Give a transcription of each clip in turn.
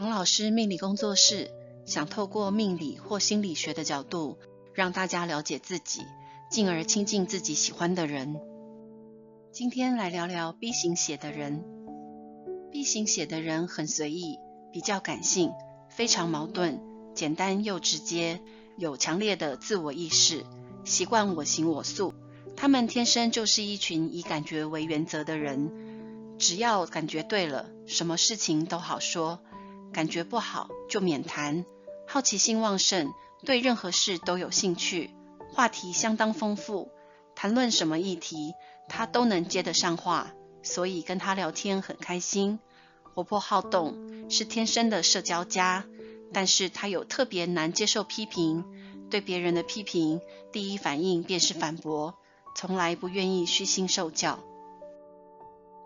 唐老師命理工作室想透過命理或心理學的角度，讓大家了解自己，進而親近自己喜歡的人。今天來聊聊 B 型血的人。B 型血的人很隨意，比較感性，非常矛盾，簡單又直接，有強烈的自我意識，習慣我行我素。他們天生就是一群以感覺為原則的人，只要感覺對了，什麼事情都好說。感覺不好就免談。好奇心旺盛，對任何事都有興趣，話題相當豐富。談論什麼議題，他都能接得上話，所以跟他聊天很開心。活潑好動，是天生的社交家。但是他有特別難接受批評，對別人的批評，第一反應便是反駁，從來不願意虛心受教。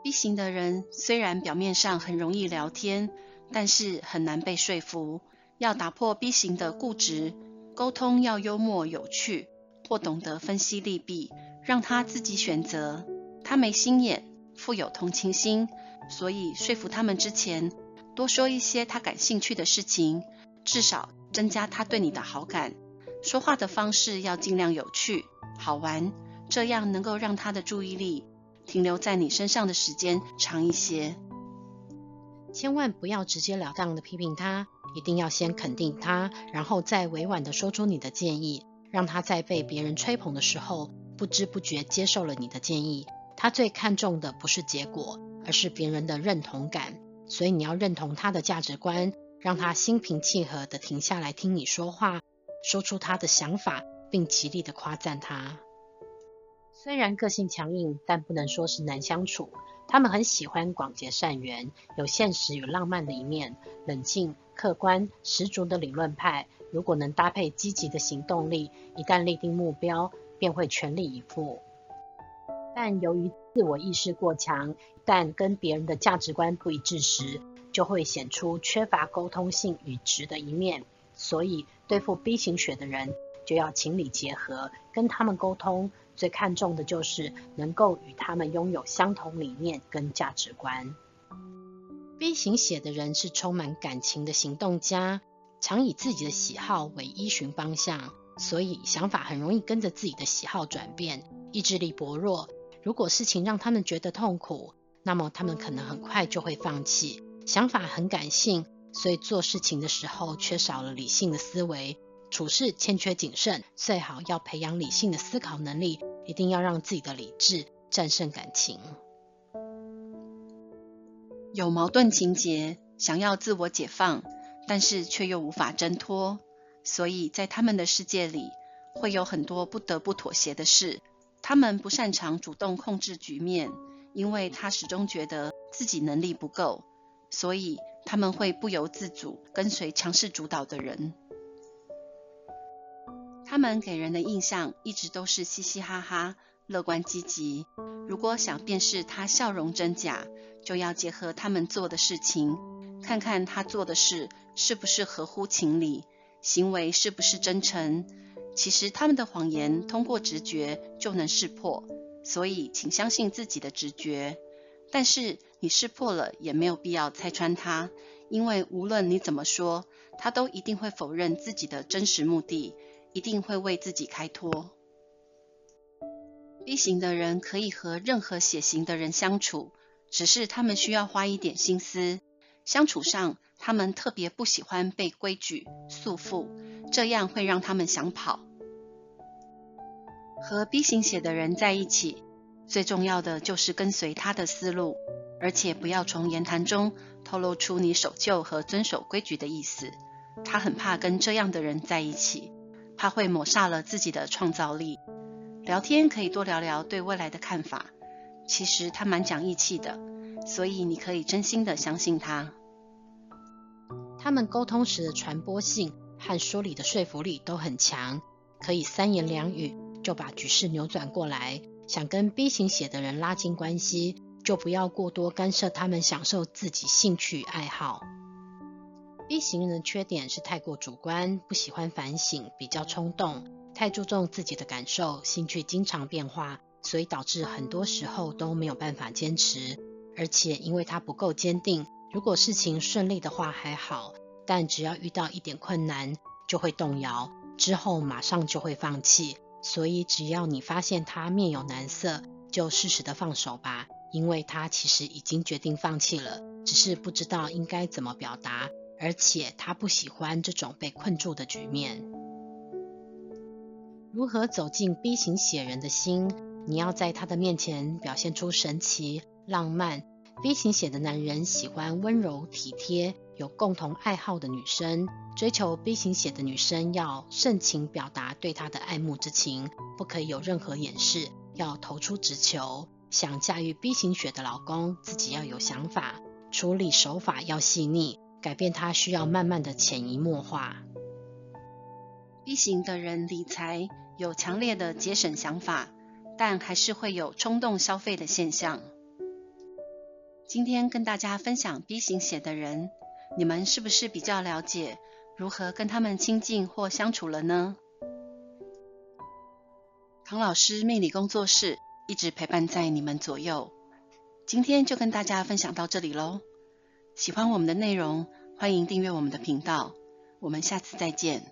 B 型的人雖然表面上很容易聊天。但是很難被說服，要打破 B 型的固執，溝通要幽默有趣，或懂得分析利弊，讓他自己選擇。他沒心眼，富有同情心，所以說服他們之前，多說一些他感興趣的事情，至少增加他對你的好感。說話的方式要盡量有趣、好玩，這樣能夠讓他的注意力停留在你身上的時間長一些。千萬不要直截了當的批評他，一定要先肯定他，然後再委婉的說出你的建議，讓他在被別人吹捧的時候，不知不覺接受了你的建議。他最看重的不是結果，而是別人的認同感，所以你要認同他的價值觀，讓他心平氣和的停下來聽你說話，說出他的想法，並極力的誇讚他。雖然個性強硬，但不能說是難相處。他們很喜歡廣結善緣，有現實與浪漫的一面，冷靜、客觀、十足的理論派。如果能搭配積極的行動力，一旦立定目標，便會全力以赴。但由於自我意識過強，但跟別人的價值觀不一致時，就會顯出缺乏溝通性與直的一面。所以，對付 B 型血的人，就要情理結合，跟他們溝通，最看重的就是能夠與他們擁有相同理念跟價值觀。B 型血的人是充滿感情的行動家，常以自己的喜好為依循方向，所以想法很容易跟着自己的喜好轉變，意志力薄弱。如果事情讓他們覺得痛苦，那麼他們可能很快就會放棄。想法很感性，所以做事情的時候缺少了理性的思維。處事欠缺謹慎，最好要培養理性的思考能力，一定要讓自己的理智戰勝感情。有矛盾情節，想要自我解放，但是卻又無法掙脫，所以在他們的世界裡，會有很多不得不妥協的事。他們不擅長主動控制局面，因為他始終覺得自己能力不夠，所以他們會不由自主跟隨強勢主導的人。他們給人的印象一直都是嘻嘻哈哈、樂觀積極。如果想辨識他笑容真假，就要結合他們做的事情，看看他做的事是不是合乎情理，行為是不是真誠。其實他們的謊言通過直覺就能識破，所以請相信自己的直覺。但是你識破了也沒有必要拆穿他，因為無論你怎麼說，他都一定會否認自己的真實目的。一定會為自己開脫。B 型的人可以和任何血型的人相處，只是他們需要花一點心思。相處上，他們特別不喜歡被規矩束縛，這樣會讓他們想跑。和 B 型血的人在一起，最重要的就是跟隨他的思路，而且不要從言談中透露出你守舊和遵守規矩的意思。他很怕跟這樣的人在一起。怕會抹煞了自己的創造力。聊天可以多聊聊對未來的看法。其實他蠻講義氣的，所以你可以真心的相信他。他們溝通時的傳播性和說理的說服力都很強，可以三言兩語就把局勢扭轉過來。想跟 B 型血的人拉近關係，就不要過多干涉他們享受自己興趣愛好。B 型人的缺點是太過主觀，不喜歡反省，比較衝動，太注重自己的感受，興趣經常變化，所以導致很多時候都沒有辦法堅持。而且因為他不夠堅定，如果事情順利的話還好，但只要遇到一點困難就會動搖，之後馬上就會放棄。所以只要你發現他面有難色，就適時的放手吧，因為他其實已經決定放棄了，只是不知道應該怎麼表達。而且他不喜歡這種被困住的局面。如何走進 B 型血人的心？你要在他的面前表現出神奇、浪漫。B 型血的男人喜歡溫柔、體貼、有共同愛好的女生。追求 B 型血的女生要盛情表達對他的愛慕之情，不可以有任何掩飾，要投出直球。想駕馭 B 型血的老公，自己要有想法，處理手法要細膩。改變它需要慢慢的潛移默化。B 型的人理財有強烈的節省想法，但還是會有衝動消費的現象。今天跟大家分享 B 型血的人，你們是不是比較了解如何跟他們親近或相處了呢？唐老師命理工作室一直陪伴在你們左右，今天就跟大家分享到這裡嘍。喜歡我們的內容，歡迎訂閱我們的頻道。我們下次再見。